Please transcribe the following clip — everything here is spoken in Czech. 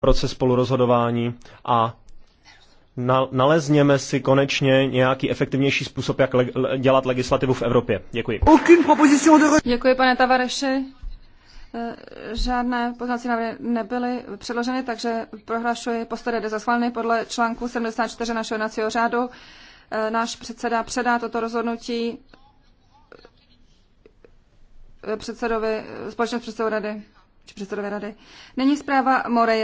proces spolurozhodování a nalezněme si konečně nějaký efektivnější způsob, jak le- dělat legislativu v Evropě. Děkuji. Děkuji, pane Tavareši. Eh, žádné poznací návrhy nebyly předloženy, takže prohlašuji postoje za schválny podle článku 74 našeho jednacího řádu. Eh, náš předseda předá toto rozhodnutí eh, předsedovi, společnosti předsedové rady, či předsedovi rady. Není zpráva Morej.